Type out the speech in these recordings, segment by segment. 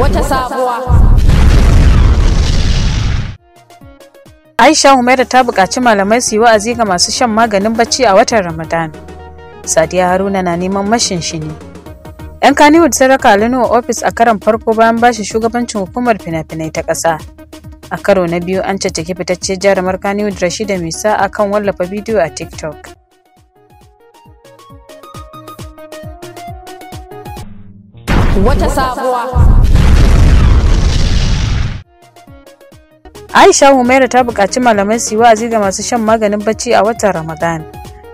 wata sabuwa. Aisha Humaira ta buƙaci malamai su yi wa'azi ga masu shan maganin bacci a watan Ramadan. Sadiya Haruna na neman mashin shi ne. 'Yan Kannywood sun raka a ofis a karon farko bayan bashi shugabancin hukumar fina-finai ta ƙasa. A karo na biyu an caccaki fitacce jarumar Kannywood Rashida Misa a kan wallafa bidiyo a TikTok. Wata sabuwa. Aisha Humaira ta buƙaci malamai su yi wa'azi ga masu shan maganin bacci a watan Ramadan.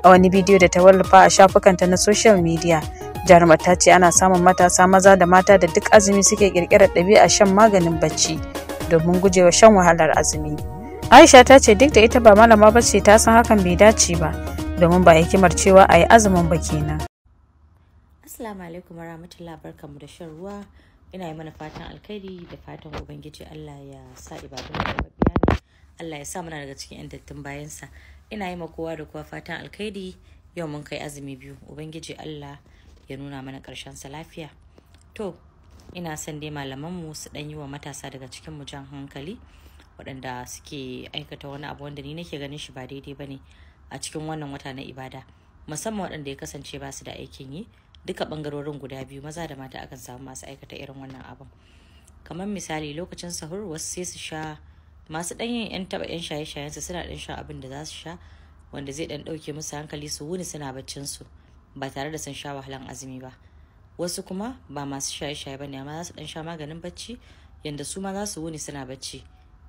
A wani bidiyo da ta wallafa a shafukanta na social media, jarumar ta ce ana samun matasa maza da mata da duk azumi suke ƙirƙirar ɗabi'a shan maganin bacci domin gujewa shan wahalar azumi. Aisha ta ce duk da ita ba malama ba ce ta san hakan bai dace ba, domin ba hikimar cewa a yi azumin ba kenan. Assalamu alaikum warahmatullahi barkanmu da shan ruwa. ina yi mana fatan alkhairi da fatan ubangiji Allah ya sa ibadun da ne Allah ya sa muna daga cikin yan dattin bayansa ina yi ma kowa da kowa fatan alkhairi yau mun kai azumi biyu ubangiji Allah ya nuna mana karshen sa lafiya to ina son dai malaman mu su dan yi wa matasa daga cikin mu jan hankali waɗanda suke aikata wani abu wanda ni nake ganin shi ba daidai bane a cikin wannan wata na ibada musamman waɗanda ya kasance ba su da aikin yi duka bangarorin guda biyu maza da mata akan samu masu aikata irin wannan abin kamar misali lokacin sahur wasu sai su sha masu yin 'yan taɓa 'yan shaye-shayen su suna dan sha abin da za su sha wanda zai ɗan ɗauke musu hankali su wuni suna baccin su ba tare da sun sha wahalan azumi ba wasu kuma ba masu shaye-shaye ba ne amma za su ɗan sha maganin bacci yanda su ma za su wuni suna bacci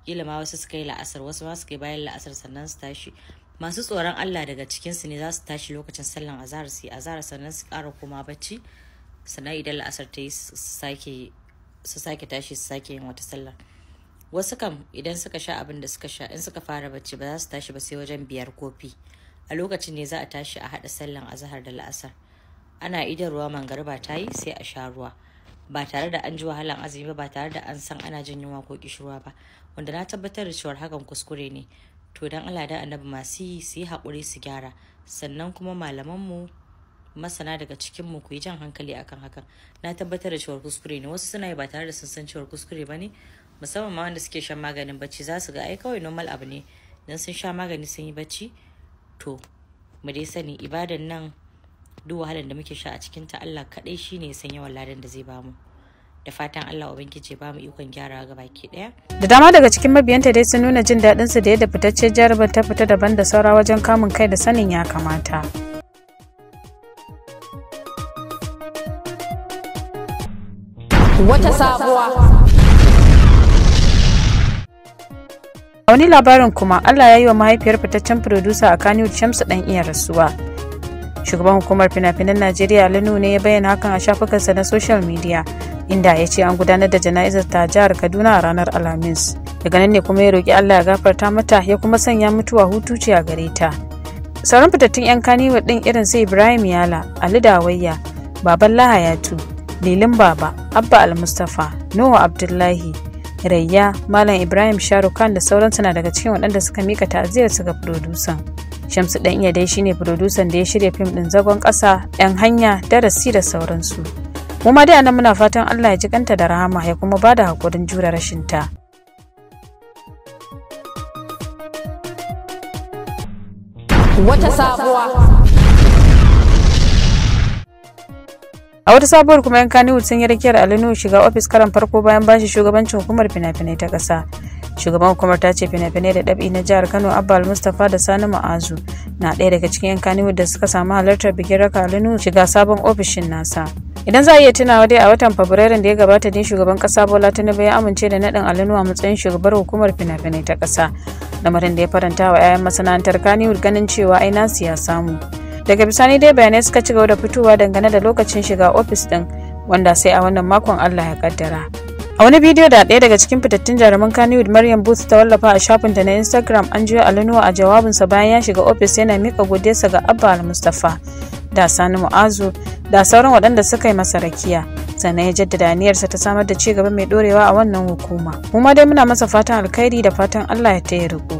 kila ma wasu suka yi la'asar wasu ma suka yi bayan la'asar sannan su tashi masu tsoron Allah daga cikin su ne za su tashi lokacin sallan azahar su yi azahar sannan su ƙara koma bacci sannan idan la'asar ta yi su sake tashi su sake yin wata sallar wasu kam idan suka sha abin da suka sha in suka fara bacci ba za su tashi ba sai wajen biyar kofi a lokacin ne za a tashi a haɗa sallan azahar da la'asar ana idan ruwa mangariba ta yi sai a sha ruwa ba tare da an ji wahalan azumi ba ba tare da an san ana jin yunwa ko kishirwa ba wanda na tabbatar da cewar hakan kuskure ne to don allah da annabi masu yi su yi haƙuri su gyara sannan kuma malamanmu masana daga cikinmu ku yi jan hankali akan hakan na tabbatar da cewar kuskure ne wasu suna yi ba tare da sun san cewar kuskure ba ne musamman ma wanda suke shan maganin bacci za su ga ai kawai normal abu ne dan sun sha magani sun yi bacci to mu dai sani ibadan nan duk wahalar da muke sha a cikin ta Allah kaɗai shine ya san yawan ladan da zai bamu. da fatan Allah ubangiji ba mu ikon gyara ga baki daya da dama daga cikin mabiyanta dai sun nuna jin daɗin su da yadda fitacce jaraba ta fita daban da saura wajen kamun kai da sanin ya kamata wata sabuwa A wani labarin kuma Allah ya yi wa mahaifiyar fitaccen furodusa a Kano Shamsu ɗan iya rasuwa. Shugaban hukumar fina-finan Najeriya Lanu ne ya bayyana hakan a shafukansa na social media inda ya ce an gudanar da jana'izar ta jihar kaduna a ranar alhamis daga nan ne kuma ya roƙi allah ya gafarta mata ya kuma sanya mutuwa hutu ce a gare ta sauran fitattun 'yan kaniwa ɗin irin su ibrahim yala ali dawayya baban lahayatu lilin baba abba al-mustapha nuhu abdullahi rayya malam ibrahim sharukan da sauransu na daga cikin waɗanda suka mika ta'aziyar su ga furodusan shamsu ɗan iya dai shine furodusan da ya shirya fim ɗin zagon ƙasa 'yan hanya darasi da sauransu mu ma dai anan muna fatan Allah ya ji kanta da rahama ya kuma bada hakurin jure rashin ta wata sabuwa a wata sabuwar kuma yan kaniwood sun yi rakiyar alinu shiga ofis karan farko bayan bashi shugabancin hukumar fina-finai ta ƙasa shugaban hukumar ta ce fina-finai da ɗabi na jihar kano abba mustapha da sani ma'azu na ɗaya daga cikin yan da suka samu halartar bikin raka alinu shiga sabon ofishin nasa idan za a iya tunawa dai a watan fabrairun da ya gabata din shugaban kasa bola tinubu ya amince da naɗin alinu a matsayin shugabar hukumar fina-finai ta kasa lamarin da ya faranta wa 'ya'yan masana'antar kaniwood ganin cewa ai nasu ya samu daga bisani dai bayanai suka ci gaba da fitowa dangane da lokacin shiga ofis din wanda sai a wannan makon allah ya kaddara a wani bidiyo da ɗaya daga cikin fitattun jaruman kaniwood maryam booth ta wallafa a shafinta na instagram an jiyo alinuwa a jawabinsa bayan ya shiga ofis yana miƙa godiyarsa ga abba al-mustapha da sani mu'azu da sauran waɗanda suka yi masa rakiya sannan ya jaddada aniyarsa ta samar da ci gaba mai ɗorewa a wannan hukuma mu ma dai muna masa fatan alkhairi da fatan Allah ya taya riko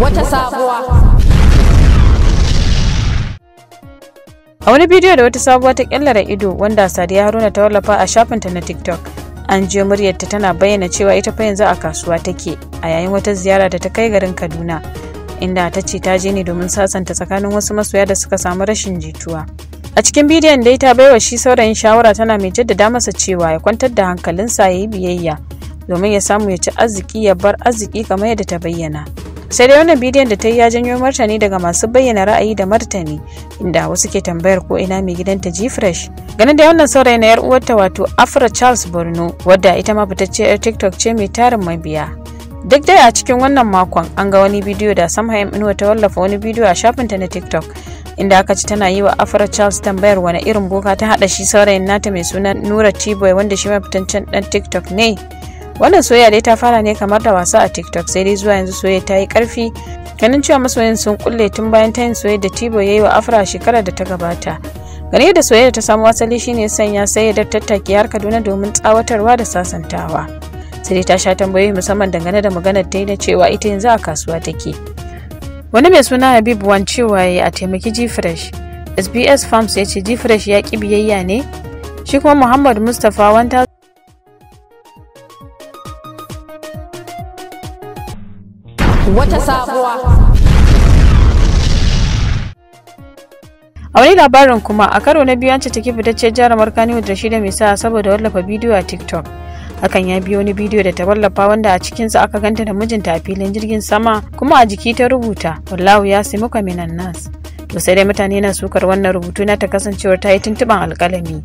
wata sabuwa A wani bidiyo da wata sabuwa ta kyallara ido wanda Sadiya Haruna ta wallafa a shafinta na TikTok. An ji muryarta tana bayyana cewa ita fa yanzu a kasuwa take a yayin wata ziyara da ta kai garin Kaduna inda ta ce ta je ne domin sasanta tsakanin wasu masoya da suka samu rashin jituwa. A cikin bidiyon dai ta baiwa shi saurayin shawara tana mai jaddada masa cewa ya kwantar da hankalinsa ya yi biyayya domin ya samu ya ci arziki ya bar arziki kamar yadda ta bayyana. Sai dai wannan bidiyon da ta yi ya janyo martani daga masu bayyana ra'ayi da martani inda wasu ke tambayar ko ina mai gidanta ji Fresh. Ganin da wannan saurayi na 'yar uwarta wato Afra Charles Borno wadda ita ma fitacce 'yar TikTok ce mai tarin mabiya. duk dai a cikin wannan makon an ga wani bidiyo da samhaim inuwa ta wallafa wani bidiyo a shafinta na tiktok inda aka ci tana yi wa afra charles tambayar wani irin boka ta hada shi saurayin nata mai suna nura tiboy wanda shi can dan tiktok ne wannan soyayya dai ta fara ne kamar da wasa a tiktok sai dai zuwa yanzu soyayya ta yi karfi ganin cewa masoyin sun kulle tun bayan ta yin soyayya da tiboy ya yi wa afra shekarar da ta gabata gane da soyayya ta samu asali shine sanya sai ya tattaki har kaduna domin tsawatarwa da sasantawa sai ta sha tambayoyi musamman dangane da maganar ta da cewa ita yanzu a kasuwa take wani mai suna habib wan cewa ya a taimaki gfresh sbs farms ya ce gfresh ya ki biyayya ne shi kuma muhammad mustapha wanta wata sabuwa a wani labarin kuma a karo na biyu an ce take fitacciyar jarumar kaniwood da shida mai sa saboda wallafa bidiyo a tiktok hakan ya biyo wani bidiyo da ta wallafa wanda a cikinsa aka ganta da mijinta a filin jirgin sama kuma a jiki ta rubuta wallahu ya sai muka minan nas to sai dai mutane na sukar wannan rubutu na ta kasancewar ta yi tuntuban alƙalami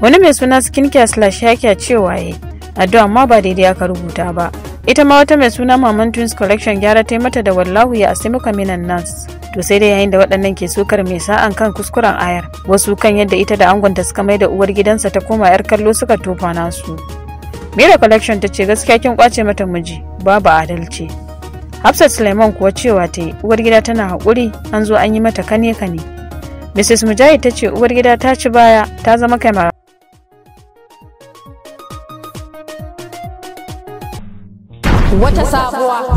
wani mai suna skin care slash yake cewa ya addu'a ma ba daidai aka rubuta ba ita ma wata mai suna maman twins collection gyara ta mata da wallahu ya muka minan nas to sai dai yayin da waɗannan ke sukar mai sa'an kan kuskuren ayar wasu kan yadda ita da angonta suka mai da uwar gidansa ta koma yar kallo suka tofa nasu Mira Collection ta ce gaskiya kin kwace mata miji babu adalci. Hafsat Suleiman kuwa cewa ta yi uwar gida tana haƙuri an zo an yi mata kane kane. Mrs. Mujahid ta ce uwar gida ta ci baya ta zama mara. wata sabuwa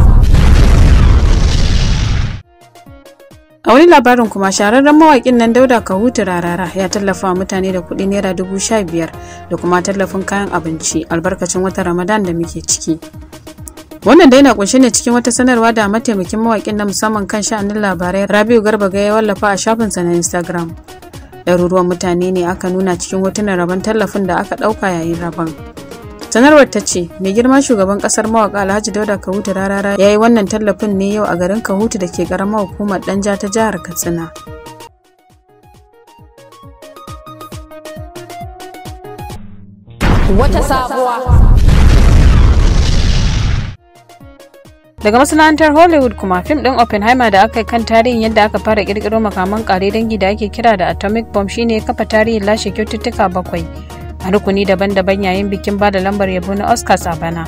wani labarin kuma shahararren mawakin nan dauda kahutu rarara ya tallafa mutane da kudi naira dubu sha biyar da kuma tallafin kayan abinci albarkacin wata ramadan da muke ciki wannan dai na kunshe ne cikin wata sanarwa da mataimakin mawakin na musamman kan sha'anin labarai rabiu garba ga ya wallafa a shafinsa na instagram ɗaruruwan mutane ne aka nuna cikin hotunan rabon tallafin da aka ɗauka yayin rabon sanarwar ta ce mai girman shugaban kasar mawaka alhaji dauda kahutu rarara ya yi wannan tallafin ne yau a garin kahutu da ke karamar hukumar danja ta jihar katsina wata sabuwa daga masana'antar hollywood kuma fim din oppenheimer da aka yi kan tarihin yadda aka fara kirkiro makaman kare dangi da ake kira da atomic bomb shine kafa tarihin lashe kyaututtuka bakwai a rukuni daban-daban yayin bikin bada lambar yabo na oscars a bana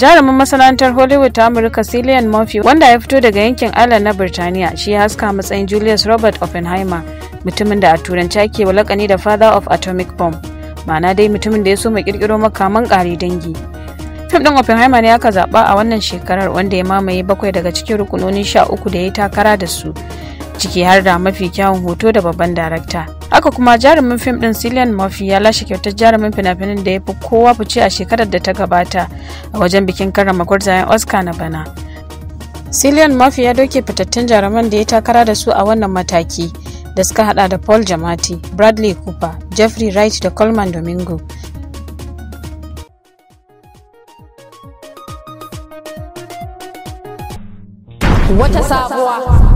jarumin masana'antar hollywood ta amurka cillian murphy wanda ya fito daga yankin ireland na birtaniya shi ya haska matsayin julius robert oppenheimer mutumin da a turanci ake walakani da father of atomic bomb ma'ana dai mutumin da ya so mai kirkiro makaman kare dangi fim ɗin oppenheimer ne aka zaɓa a wannan shekarar wanda ya mamaye bakwai daga cikin rukunonin sha uku da ya yi takara da su ciki har da mafi kyawun hoto da babban darakta haka kuma jarumin fim din cillian murphy ya lashe kyautar jarumin fina finin da ya fi kowa fice a shekarar da ta gabata a wajen bikin karrama gwarzayen oscar na bana cillian murphy ya doke fitattun jaruman da ya takara da su a wannan mataki da suka hada da paul jamati bradley cooper jeffrey wright da coleman domingo wata sabuwa